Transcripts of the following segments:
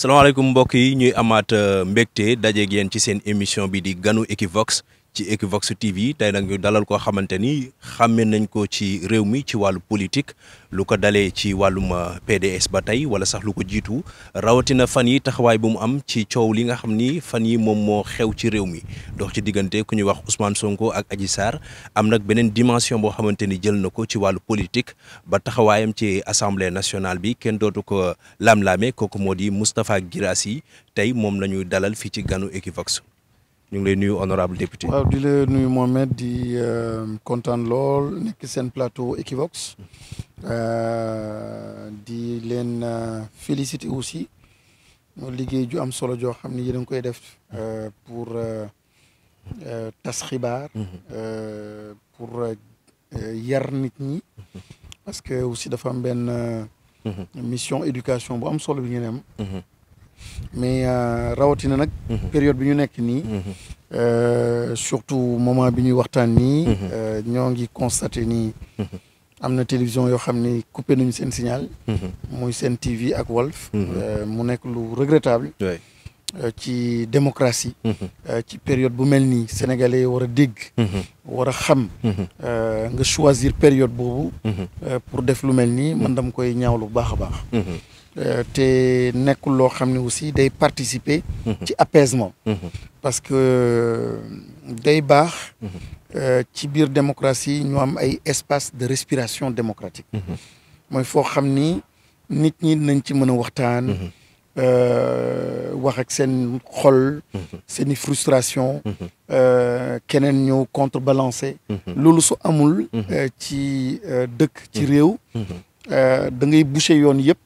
salaamaaleykum mbokk yi ñuy amaat euh, mbégte dajeeg yéen ci seen émission bi di ganu Equivox ci Equivox TV tey nag ñu dalal koo xamante ni xàmme nañ ko ci réew mi ci wàllu politique lu ko dalee ci wàllum uh, PDS ba tey wala sax lu ko jiitu rawatina fan yi taxawaay bu mu am ci coow li nga xam ni fan yi moom moo xew ci réew mi dox ci diggante ku ñuy wax Ousmane Sonko ak Adji Sarr am nag beneen dimension boo xamante ni jël na ko ci wàllu politique ba taxawaayam ci assemblée nationale bi kenn dootu ko lam-laame kooku moo di Moustapha Guirassy tey moom la ñuy dalal fii ci ganu Equivox. ñu ngi lay nuyu honorable député. waaw di la nuyu Mohamed di euh, kontaan lool seen plateau Equivox euh, di leen euh, félicité aussi liggéey ju am solo joo xam ne yéen a koy def pour tas xibaar. Mm-hmm. pour yar nit ñi. Mm-hmm. parce que aussi dafa am benn. Mm-hmm. mission éducation bu am solo bi ngeen am. mais euh, rawatina nag. Mhm. période bi ñu nekk nii. Mhm. Euh, surtout moment bi ñuy waxtaan nii. Mhm. Euh, ñoo ngi constaté nii. am na télévision yoo xam ni coupé nañu seen signal. muy seen TV ak Walf. mu nekk lu regrettable. ci démocratie. ci période bu mel nii sénégalais war a dégg. war a xam. nga choisir période boobu. pour def lu mel nii man dam koy ñaaw lu baax a baax. Euh, te nekkul loo xam ne aussi day participer mhm. ci apaisement mhm. parce que euh, day baax mhm. euh, ci biir démocratie ñu am ay espace de respiration démocratique mooy foo xam ni nit ñi nañ ci mën a waxtaan wax ak seen xol seeni frustration keneen ñëw contre contrebalancer loolu su amul ci dëkk ci réew da ngay boucher yoon yëpp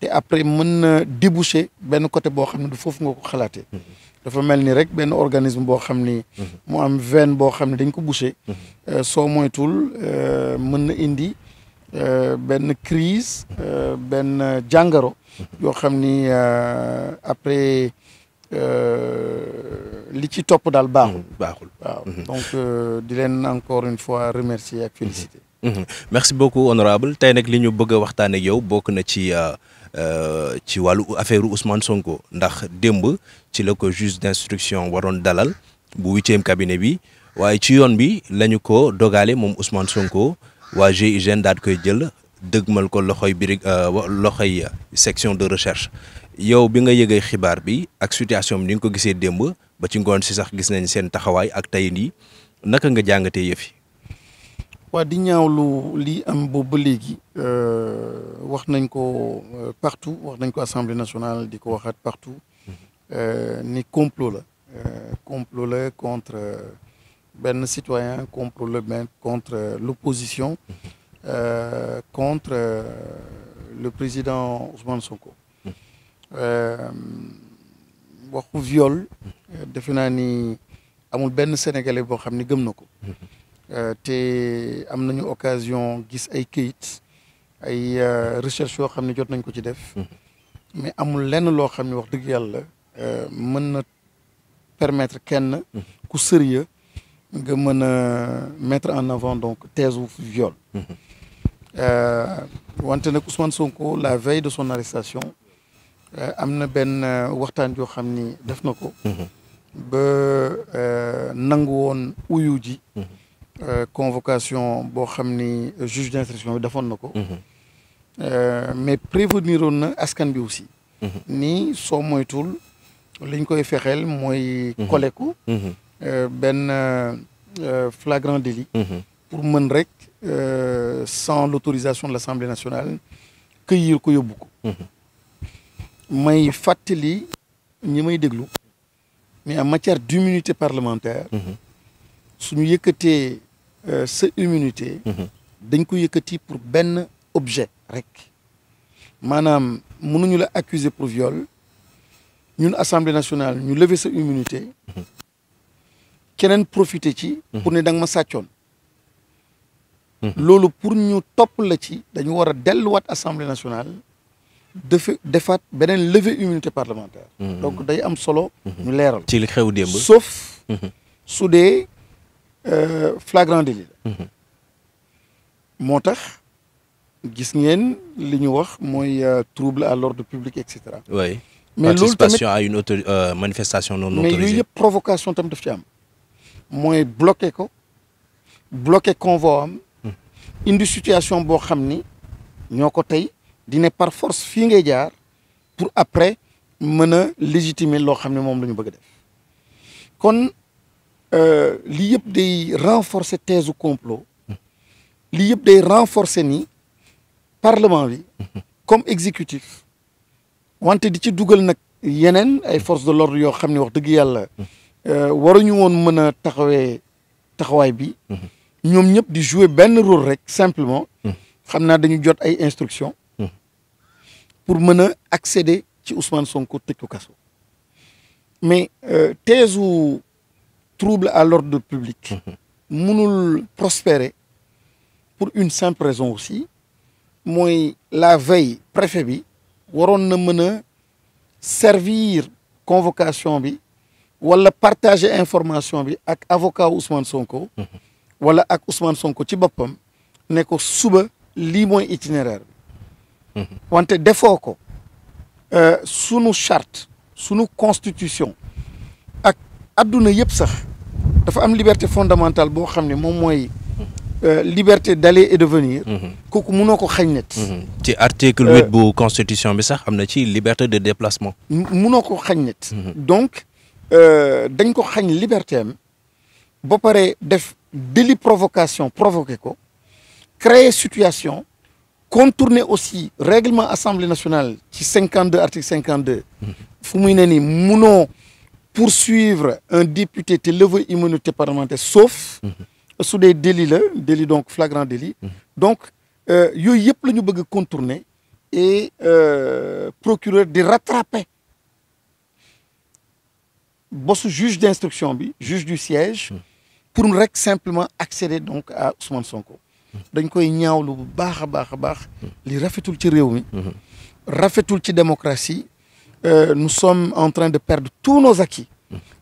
te après mën na déboucher benn côté boo xam ne du foofu nga ko xalaatee. Mhm. dafa mel ni rek benn organisme boo xam ni. Mhm. mu am veine boo xam ne dañu ko boucher. Mhm. Euh, soo moytul euh, mën na indi euh, benn crise benn jàngaro. yoo xam ni après li ci topp daal baaxul. baaxul waaw donc di leen encore une fois remercier ak féliciter. merci beaucoup honorable tey nag li ñu bëgg a waxtaan yow bokk na ci. Euh, ci wàllu affaire Ousmane Sonko ndax démb ci la ko juge d'instruction waroon dalal bu huitième cabinet bi waaye ci yoon bi lañu ko dogale moom Ousmane Sonko waa GIGN daal koy jël dëgmal ko loxoy birig euh, loxoy section de recherche yow bi nga yëgee xibaar bi ak situation bi ni nga ko gisee démb ba ci ngoon si sax gis nañ seen taxawaay ak tey nii naka nga jàngatee yëf waa di lu lii am boobu ba léegi euh, wax nañ ko euh, partout wax nañ ko assemblée nationale di ko waxaat partout mhm. euh, ni complot la complot la contre benn citoyen complot la benn contre l'opposition mhm. contre le président Ousmane Sonko mhm. waxu viol defe naa ni amul benn sénégalais boo xam ni gëm na ko Euh, te am nañu occasion gis ay këyit ay euh, recherche yoo xam ne jot nañ ko ci def mm-hmm. mais amul lenn loo xam ne wax dëgg yàlla euh, mën na permettre kenn mm-hmm. ku sérieux nga mën a mettre en avant donc thèse wu viol mm-hmm. wante nag Ousmane Sonko la veille de son arrestation am na benn waxtaan yoo xam ni def na ko ba nangu woon uyu ji Euh, convocation boo xam ni juge d'instruction bi defoon na ko. Mhm. Euh, mais prévenir na askan bi aussi. Mhm. ni soo moytul liñ koy fexeel mooy. Mhm. koleku. Euh, benn flagrant délit. pour mën rek sans l'autorisation de l'Assemblée nationale cueillir ko yóbbu ko. may fàttali ñi may déglu. mais en matière d'immunité parlementaire. suñu yëkkatee Euh, sa immunité. Mhm. dañ ko yëkkati pour benn objet rek maanaam mënuñu la accuser pour viol ñun assemblée nationale ñu lever sa immunité. Mhm. keneen profiter ci. Mhm. pour ne da ma sàccoon. loolu pour ñu topp la ci dañu war a delluwaat assemblée nationale. dafa defaat beneen lever immunité parlementaire. donc day am solo. ñu leeral ci li xew démb. sauf su dee. Euh, flagrant délit la mhm. moo tax gis ngeen li ñu wax mooy euh, trouble à l'ordre publique et cetera. oui mais loolu participation à une auto euh, manifestation non autorisée mais yooyu provocation tam daf ci am mooy bloqué ko bloqué convoi am. Mhm. indi situation boo xam ni ñoo ko tey dina par force fii ngay jaar pour après mën a légitimer loo xam ne moom lañu ñu bëgg a def kon. Euh, li yëpp day renforce thèse u complot li yëpp day renforcer ni parlement bi comme exécutif wante di ci dugal nag yeneen ay forces de l'ordre yoo xam ne wax dëgg yàlla euh, waruñu woon mën a taxawe taxawaay bi ñoom ñëpp di jouer benn rôle rek simplement xam naa dañu jot ay instructions pour mën a accéder ci Ousmane Sonko tëj ko kaso mais euh, teesu trouble à l'ordre public mmh. mënul prospérer pour une simple raison aussi mooy la veille préfé bi waroon na mën a servir convocation bi wala partager information bi ak avocat Ousmane Sonko mmh. wala ak Ousmane Sonko ci boppam ne ko suba lii mooy itinéraire bi mmh. wante defoo ko euh, sunu chart sunu constitution ak adduna yëpp sax dafa am liberté fondamentale boo xam ne moom mooy euh, liberté d'aller et de venir. Mm-hmm. kooku mënoo ko xañ nit. Mm-hmm. ci article huit bu constitution bi sax am na ci liberté de déplacement. mënoo ko xañ nit. Mm-hmm. donc euh, dañ ko xañ liberté am ba pare def délit provocation provoqué ko créer situation contourner aussi règlement assemblée nationale ci cinquante deux fu muy ne nii poursuivre un député te lever immunité parlementaire sauf mhm. su dee délit la délit donc flagrant délit mhm. donc euh, yooyu yëpp la ñu bëgg contourner et euh, procureur di rattraper bosu juge d'instruction bi juge du siège mhm. pour rek simplement accéder donc à Ousmane Sonko dañ koy ñaawlu bu baax a baax a baax li rafetul ci réew mi rafetul ci démocratie euh, nous sommes en train de perdre tous nos acquis.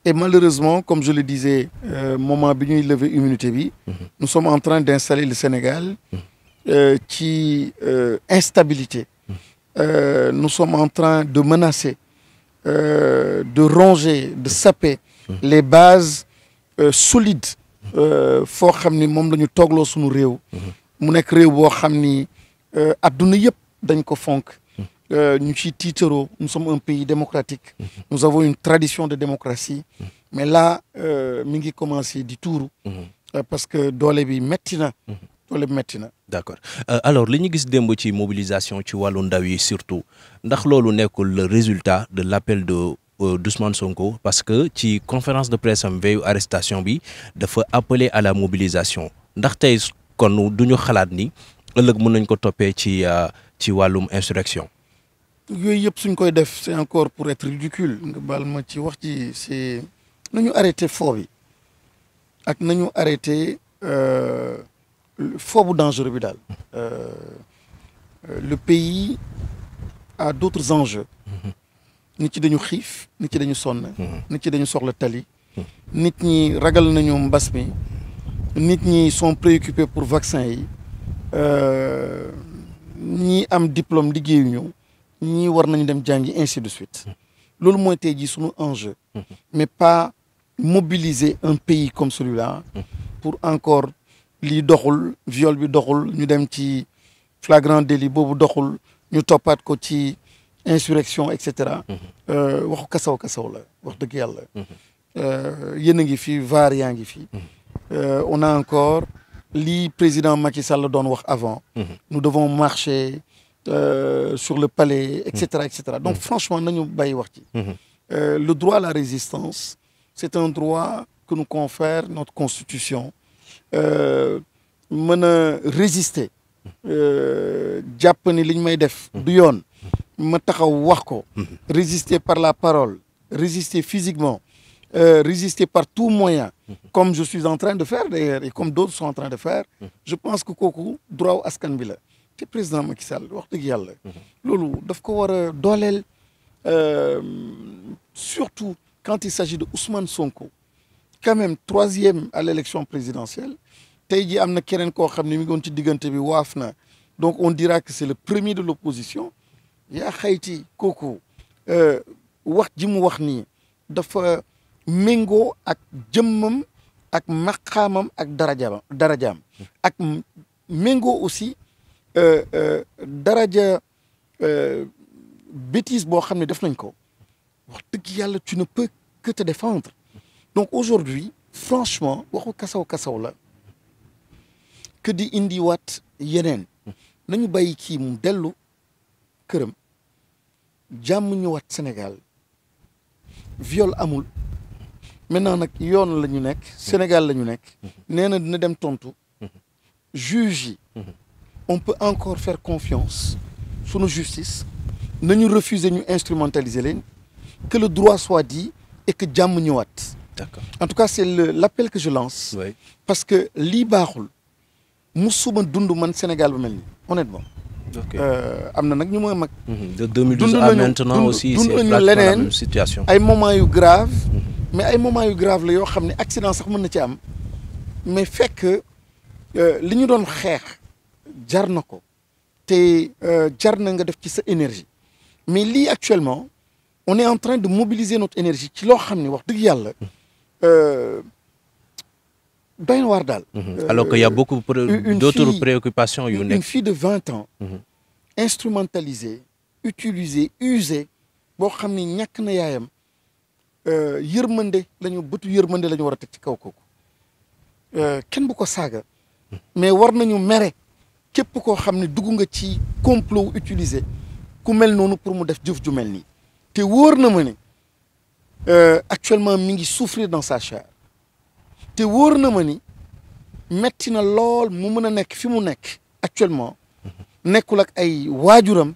Et malheureusement, comme je le disais, euh, moment bi ñuy lever immunité bi. nous sommes en train d'installer le Sénégal euh, ci euh, instabilité. Euh, nous sommes en train de menacer, euh, de ronger, de saper les bases solides foo xam ni moom la ñu toglo suñu réew. mu nekk rew boo xam ni adduna yëpp dañ ko fonk. Euh, ñu ciy tiitaroo nous sommes un pays démocratique nous tradition de démocratie mais là euh, mi ngi commencé di tuuru euh, parce que doole bi metti na doole bi metti na d'accord alors li ñu gis démb ci mobilisation ci wàllu ndaw yi surtout ndax loolu nekkul résultat de l'appel de d'Ousmane Sonko parce que ci conférence de presse am veille arrestation bi dafa appeler à la mobilisation ndax tey kon duñu xalaat ni ëllëg mun nañ ko toppee ci ci wàllum insurrection yooyu yëpp suñ koy def c'est encore pour être ridicule nga baal ma ci wax ci c'est nañu arrêté foo yi ak nañu arrêté euh, foo bu dangereux bi daal euh, le pays a d'autres enjeux nit ci dañu xiif nit ci dañu sonn nit ci dañu soxla tali nit ñi ragal nañu mbas mi nit ñi sont préoccupés pour vaccin yi euh, ñi am diplôme liggéeyuñu ñii war nañu dem jàngi ainsi de suite loolu mooy tey jii suñu enjeu mais pas mobiliser un pays comme celui-là pour encore lii doxul viol bi doxul ñu dem ci flagrant délit boobu doxul ñu toppaat ko ci insurrection et cetera euh, waxu kasaw kasaw la wax dëgg yàlla euh, yéen a ngi fi vaar yaa ngi fi euh, on encore lii président Macky Sall doon wax avant nous devons marcher Euh, sur le palais et cetera et donc mm. franchement nañu bàyyi wax ci mm-hmm. euh, le droit à la résistance c'est un droit que nous confère notre constitution euh, mën a résister jàpp ni li ñu may def mm-hmm. du yoon ma taxaw wax ko mm-hmm. résister par la parole résister physiquement Euh, résister par tout moyen comme je suis en train de faire d'ailleurs et comme d'autres sont en train de faire je pense que kooku droit wu askan bi la te président Macky Sall wax dëgg yàlla. Mhm. loolu dafa ko war a dooleel euh, surtout quand il s'agit de Ousmane Sonko quand même troisième à l'élection présidentielle tey jii am na keneen koo xam ne mi ngi woon ci diggante bi waaf na donc on dira que c'est le premier de l'opposition yaa xayti kooku euh, wax ji mu wax nii dafa méngoo ak jëmmam ak maqaamam ak darajaam darajaam mhm. ak méngoo aussi. Euh, euh, daraja euh, bêtise boo xam ne def nañ ko wax dëgg yàlla tu ne peux que te défendre donc aujourd'hui franchement waxu kasaw kasaw la que di indiwaat yeneen nañu bàyyi kii mu dellu këram jàmm ñëwaat Sénégal viol amul maintenant nag yoon la ñu nekk Sénégal la ñu nekk mmh. nee na dina dem tontu mmh. juge on peut encore faire confiance sunu justice nañu refuser ñu instrumentaliser leen que le droit soit dit et jàmm ñëwaat. d'accord en tout cas c'est le l'appel que je lance. parce que lii baaxul mu musuma dund man Sénégal bu mel nii honnêtement. ok euh, am na nag ñu mooy mag. Mhm. de 2012 à maintenant aussi dund nañu leneen situation ay moments yu grave mhm. mais ay moments yu grave la yoo xam ne accident sax mën na ci am mais fekk euh, li ñu doon xeex. jar na ko te euh, jar na nga def ci sa énergie mais lii actuellement on est en train de mobiliser notre énergie ci loo xam ne wax dëgg yàlla euh, doy na waar daal. Mhm. alors que y a beaucoup euh, d'autres préoccupations yu nekk une fille de vingt ans. Mhm. instrumentalisée utilisée usée boo xam ne ñàkk na yaayam yërmande la ñu bëtu yërmande la ñu war a teg ci kaw kooku kenn bu ko saaga. Mhm. mais war nañu mere. képp koo xam ne dugg nga ci complot utiliser ku mel noonu pour mu def jëf ju mel nii te wóor na ma ne euh, actuellement mi ngi souffrir dans sa chair te wóor na ma ni metti na lool mu mën a nekk fi mu nekk actuellement nekkul ak ay waajuram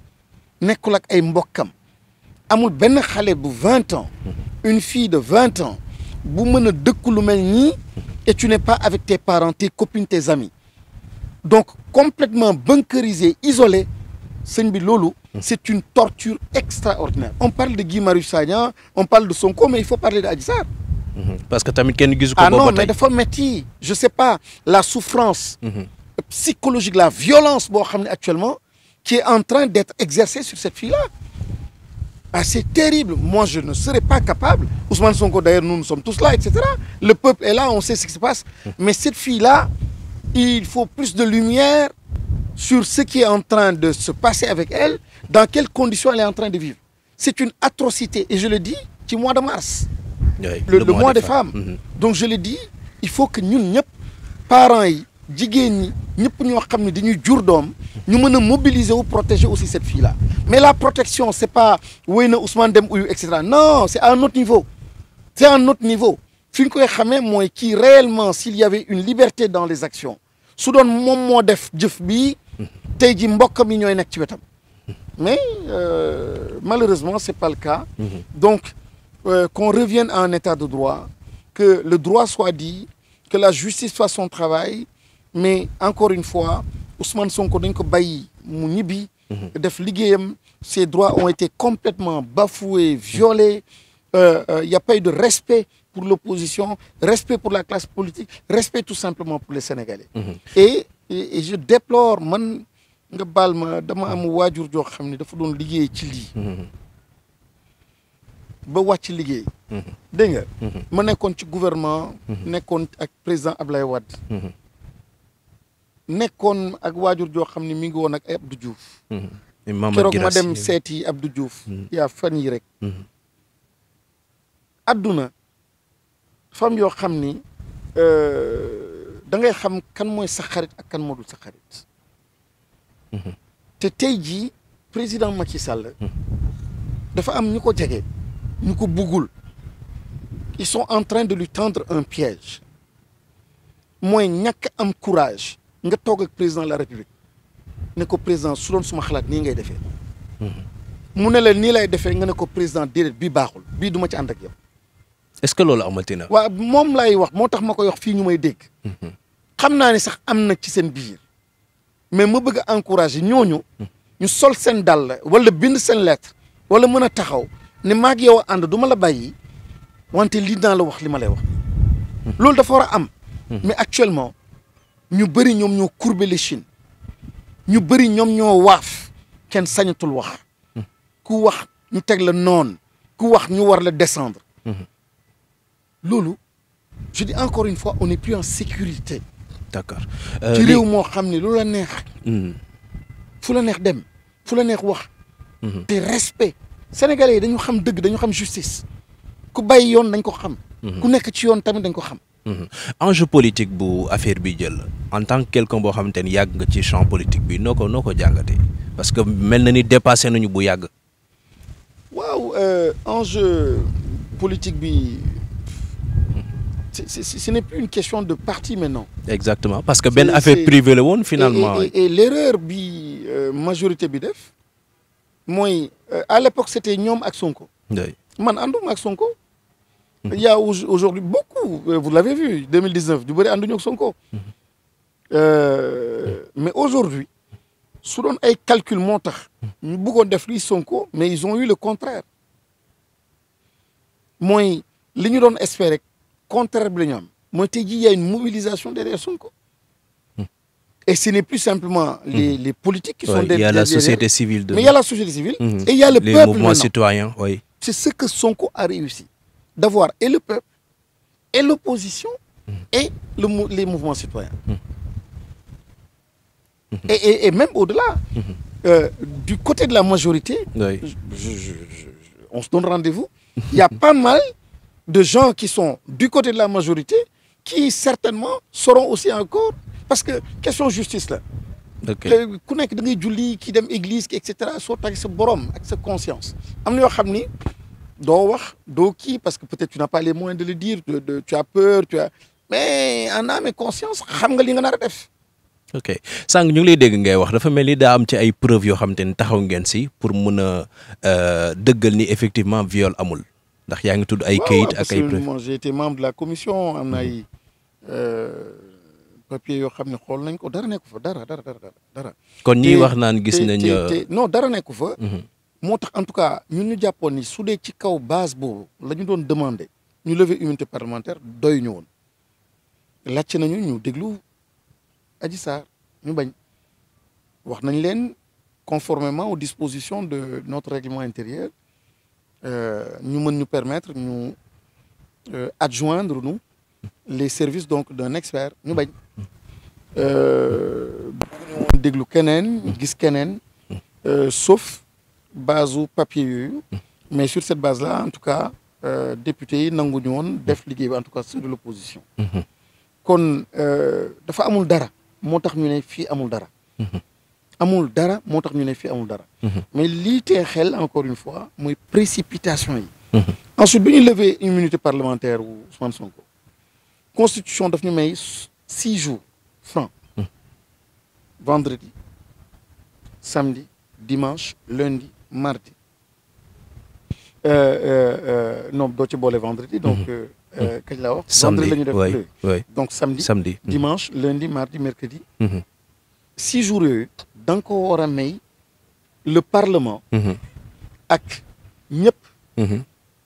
nekkul ak ay mbokkam amul benn xale bu vingt ans une fille de vingt ans bu mën a dëkk lu mel nii et tu n'es pas avec tes parents tes copines tes amis donc complètement bunkerisé isolé sëñ bi loolu. c'est une torture extraordinaire. on parle de Guy Marius Sagna on parle de Sonko mais il faut parler de Adji mhm. parce que tamit kenn gisu ko. ah non mais dafa metti je sais pas la souffrance. Mhm. psychologique la violence boo xam ne actuellement qui est en train d'être exercée sur cette fille-là ah c'est terrible moi je ne serais pas capable Ousmane Sonko d'ailleurs nous nous sommes tous là et cetera le peuple est là on sait ce qui se passe mhm. mais cette fille il faut plus de lumière sur ce qui est en train de se passer avec elle, dans quelles conditions elle est en train de vivre. C'est une atrocité, et je le dis, ci mois de mars. le, mois, mois des, des femmes. femmes. Mhm. Donc je le dis, il faut que ñun ñëpp parent yi jigéen ñi ñëpp ñoo xam ne dañuy jur doom ñu mën a mobiliser wu protéger aussi cette fille là mais la protection c'est pas wéy na Ousmane dem uyu et cetera non c'est à un autre niveau c'est à un autre niveau fi ñu koy xamee mooy kii réellement s'il y avait une liberté les actions su doon moom moo def jëf bii tey ji mbokkam mi ñooy nekk ci wetam mais euh, malheureusement c'est pas le cas donc euh, qu'on revienne à un état de droit que le droit soit dit que la justice fasse son travail mais encore une fois Ousmane Sonko dañ ko bàyyi mu ñibi def liggéeyam ses droits ont été complètement bafoués violés il euh, n'y euh, a pas de respect pour l'opposition, respect pour la classe politique, respect tout simplement pour les Sénégalais. Mhm. Et, je déplore, man, nga baal ma dama am waajur joo xam ne dafa doon liggéey ci lii. Mhm. ba wàcc liggéey. Mhm. dégg nga. ma nekkoon ci gouvernement. nekkoon ak président abla Wade. nekkoon ak waajur joo xam ne mi ngi woon ak ay Abdou Diouf. keroog dem seeti Abdou Diouf. yaa fan yi rek. adduna. femme yoo xam ni euh, da ngay xam kan mooy sa xarit ak kan moo dul sa xarit mhm. te tey jii président Macky Sall mhm. dafa am ñu ko jege ñu ko buggul il sont en train de lui tendre un piège mooy ñàkk am courage nga toog ak président de la république ne ko président su doon suma xalaat nii ngay defee mhm. mu ne la nii lay defee nga ne ko président déedéet bi baaxul bii du ma ci ànd ak yow est-ce que loolu amati na. waaw moom lay wax moo tax ma koy wax fii ñu may dégg. Mhm. xam naa ne sax am na ci seen biir. mais ma bëgg a encourager ñooñu. ñu sol seen dàll wala bind seen lettre. wala mën a taxaw ne maag yow a ànd du la bàyyi wante lii naa la wax li ma lay wax. loolu dafa war a am. Mhm. mais actuellement ñu bëri ñoom ñoo courber l'échine ñu bëri ñoom ñoo waaf kenn sañatul wax. Mhm. ku wax ñu teg la noon ku wax ñu war la descendre. loolu je dis encore une fois on n'est plus en sécurité. d'accord ci euh, moo xam ne lu la neex. Hmm. fu la neex dem fu la neex wax. Hmm. te respect sénégalais yi dañu xam dëgg dañu xam justice ku bàyyi yoon dañ ko xam. Hmm. ku nekk ci yoon tamit dañ ko xam. enjeu politique bu affaire bi jël en tant que boo xamante ni yàgg nga ci champ politique bi noo ko noo ko jàngatee parce que mel na ni dépassé nañu bu yàgg. waaw euh, enjeu politique bi. ce n'est plus une question de parti maintenant. exactement parce que ben affaire privée la woon finalement. et, et, et l'erreur bi euh, majorité bi def mooy euh, à l'époque c'était ñoom ak Sonko. man ànduma ak Sonko. Mhm. il y a aujourd'hui beaucoup euh, vous l'avez vu du bëri ànduñu ak Sonko. Mhm. Euh, mais aujourd'hui su ay calcul moo tax. ñu bëggoon def lii Sonko mais ils ont eu le contraire mooy li ñu doon espérer. contraire bi la ñu am mooy tey jii y a une mobilisation derrière Sonko. et ce n'est plus simplement les hmm. les politiques. qui sont derrière il y la société civile. mais il y a la société civile. Hmm. et les mouvements citoyens oui. c'est ce que Sonko a réussi d'avoir et le peuple et l'opposition hmm. et les mouvements citoyens. et même au-delà. Euh, du côté de la majorité. je je on se donne rendez-vous. y a pas mal. de gens qui son du côté de la majorité qui certainement seront aussi encore parce que question justice la ku nekk da ngay julli ki dem église ki et cetera soo sa borom ak sa conscience am na yoo xam ni doo wax doo kii parce que peut-être tu na pas les moyens de le dire tu as peur tu as mais en âme et conscience xam nga li nga nar a def ok sànq ñu ngi lay dégg ngay wax dafa mel ni daa am ci ay preuves yoo xam te ni taxaw ngeen si pour mën a euh, dëggal ni effectivement viol amul ndax yaa ngi tudd ay kayit ak ay preuve membre de la commission am na mhm. ay euh, papier yoo xam ne xool nañ ko dara nekku fa dara dara dara dara kon ñii wax naan gis nañ euh, non dara nekku fa mhm. moo tax en tout cas ñun ñu jàppoon ni su dee ci kaw base boobu la ñu doon demandé ñu lever immunité parlementaire doy ñu woon làcc nañu ñu déglu aji Sarr ñu bañ wax nañ leen conformément aux dispositions de notre règlement intérieur Euh, ñu mën ñu permettre ñu euh, adjoindre nu le services donc d'un expert ñu bañ euh, bëgguñu déglu keneen gis keneen sauf base u papier yooyu mais sur cette base la en tout cas député yi nanguñu woon def liggéey bi en tout cas ceux de l'opposition mm-hmm. kon dafa amul dara moo tax ñu ne fii amul dara mm-hmm. amul dara moo tax ñu ne fii amul dara. Mhm. mais lii tee xel encore une fois mooy précipitation yi. Mhm. ensuite bi ñu lever immunité parlementaire wu Ousmane Sonko constitution daf mais may six jours franc. Mhm. vendredi samedi dimanche lundi mardi. Euh, euh, euh, no doo ci boole vendredi donc. kañ laa wax. samedi vendredi la ñu def donc samedi. samedi dimanche lundi mardi mercredi. six jours yooyu danga nga war a may le parlement mhm. ak ñëpp mhm.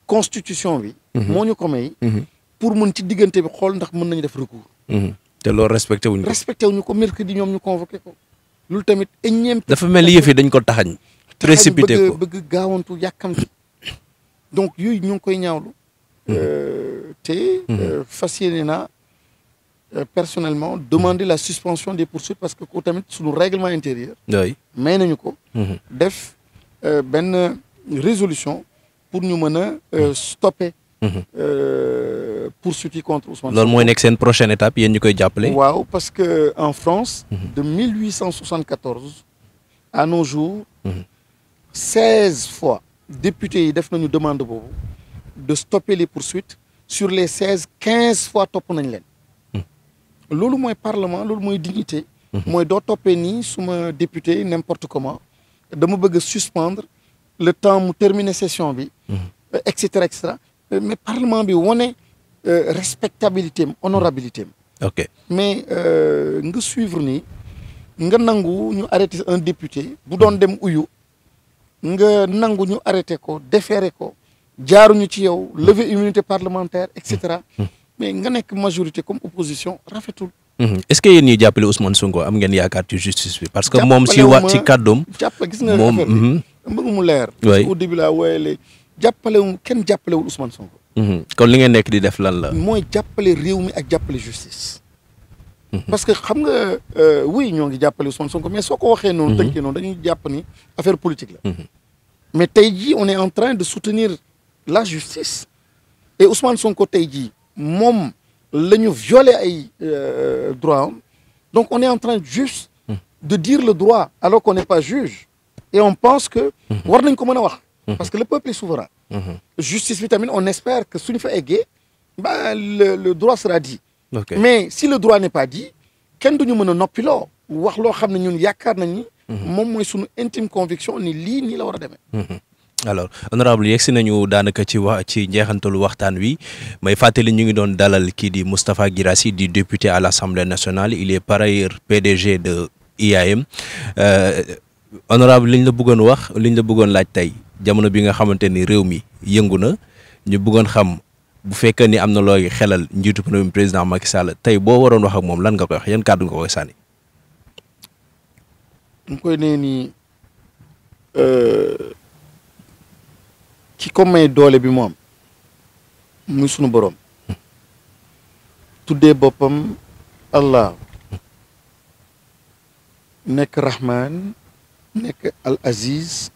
constitution bi mhm. moo ñu ko may pour mun ci diggante bi xool ndax mën nañu def recours te loolu respecté wuñ ko respecté wuñu ko mercredi ñoom ñu convoqué ko loolu tamit énième dafa mel ni yëf yi dañ ko taxañ précipité ko bëgg gaawantu yàkkamti donc yooyu ñu koy ñaawlu euh, te euh, fas yéene naa Euh, personnellement demande la suspension des poursuites parce que ko su suñu règlement intérieur may nañu ko mhm. def euh, benn résolution pour ñu mën a euh, mhm. stopper mhm. poursuites yi contre Ousmane loolu mooy nekk seen prochaine étape yéen ñu koy jàppale waaw parce que en France de 1874 à nos jours seize fois députés yi def nañu demande boobu de stopper les poursuites sur les seize quinze fois topp nañ leen loolu mooy parlement loolu mooy dignité mhm. mooy doo toppee nii suma député n'importe comment dama bëgg a suspendre le temps mu terminer session bi mhm. et cetera et mais parlement bi wane euh, respectabilité am honorabilité am ok mais euh, nga suivre nii nga nangu ñu arrêté un député bu doon dem uyu nga nangu ñu arrêté ko déféré ko jaaruñu ci yow lever immunité parlementaire et cetera mhm. mais nga nekk majorité comme opposition rafetul. Mhm. est-ce que yéen ñuy jàppale Ousmane Sonko am ngeen yaakaar ci justice bi. parce que moom si wax ci kàddoom. jàppale gis nga moom mhm. bëgg mu leer. au début laa wooyalee jàppale kenn jàppalewul Ousmane Sonko. Mhm. kon li ngeen nekk di def lan la. mooy jàppale réew mi ak jàppale justice. parce que xam nga euh, oui ñoo ngi jàppale Ousmane Sonko mais soo ko waxee noonu. tënkee noonu dañuy jàpp ni affaire politique la. mais tey jii on est en train de soutenir la justice. et Ousmane Sonko tey jii. moom la ñu violé ay euh, droit am donc on est en train juste de dire le droit alors qu'on n'est pas juge et on pense que war nañ ko mën a wax parce que le peuple est souverain justice bi tamit on espère que suñu fa eggee ba le droit sera dit okay. mais si le droit n'est pas dit kenn duñu mën a noppi loo wax loo xam ne ñun yaakaar nañ ni moom mooy suñu intime conviction ni lii nii la war a demee alors honorable yegsi nañu daanaka ci wax ci njeexantalu waxtaan wi may fàttali ñu ngi doon dalal kii di Moustapha Guirassy di député à l'Assemblée nationale il est par ailleurs PDG de IAM euh, honorable liñ la bëggoon wax liñ la bëggoon laaj tey jamono bi nga xamante ni réew mi yëngu na ñu bëggoon xam bu fekkee ni am na looy xelal njiitu président Macky Sall tey boo waroon wax ak moom lan nga koy wax yan kàddu nga koy sànni. ki may doole bi moom muy sunu boroom tuddee boppam allah nekk rahman nekk al aziz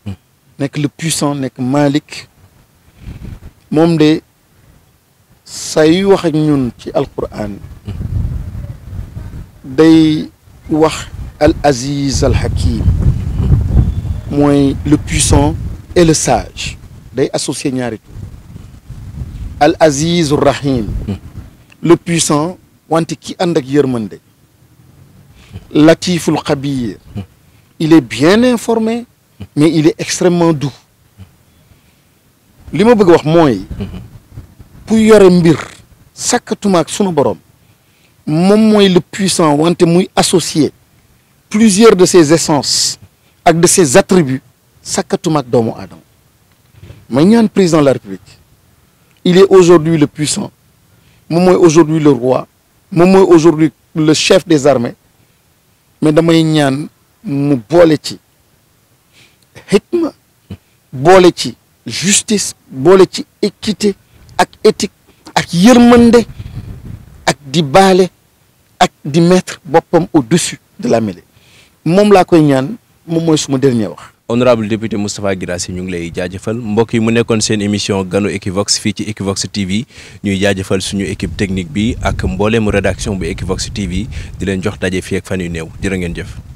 nekk le puissant nekk malik moom de say yuy wax ak ñun ci alquran day wax al aziz al hakim mooy le puissant et le sage day associé ñaari tur al azizu rahim hmm. le puissant wante ki ànd ak yërmande latiful xabir hmm. il est bien informé hmm. mais il est extrêmement doux li ma bëgg wax mooy pour yore mbir sàkkatumaak sunu borom moom mooy le puissant wante muy associé plusieurs de ses essences ak de ses attributs sàkkatumaak doomu aadama may ñaan président de la république il est aujourd'hui le puissant moom mooy aujourd'hui le roi moom mooy aujourd'hui le chef des armées mais damay ñaan mu boole ci xikma boole ci justice boole ci équité ak éthique ak yërmande ak di baale ak di mettre boppam au-dessus de la mêlée moom laa koy ñaan moom mooy suma dernier wax honorable député Moustapha Guirassy ñu ngi lay jaajëfal mbokk yi mu nekkoon seen émission ganu Equivox fii ci Equivox TV ñuy jaajafal suñu équipe technique bi ak mbooleemu rédaction bu Equivox TV di leen jox daje fii ak fan yu néew jërë ngeen jëf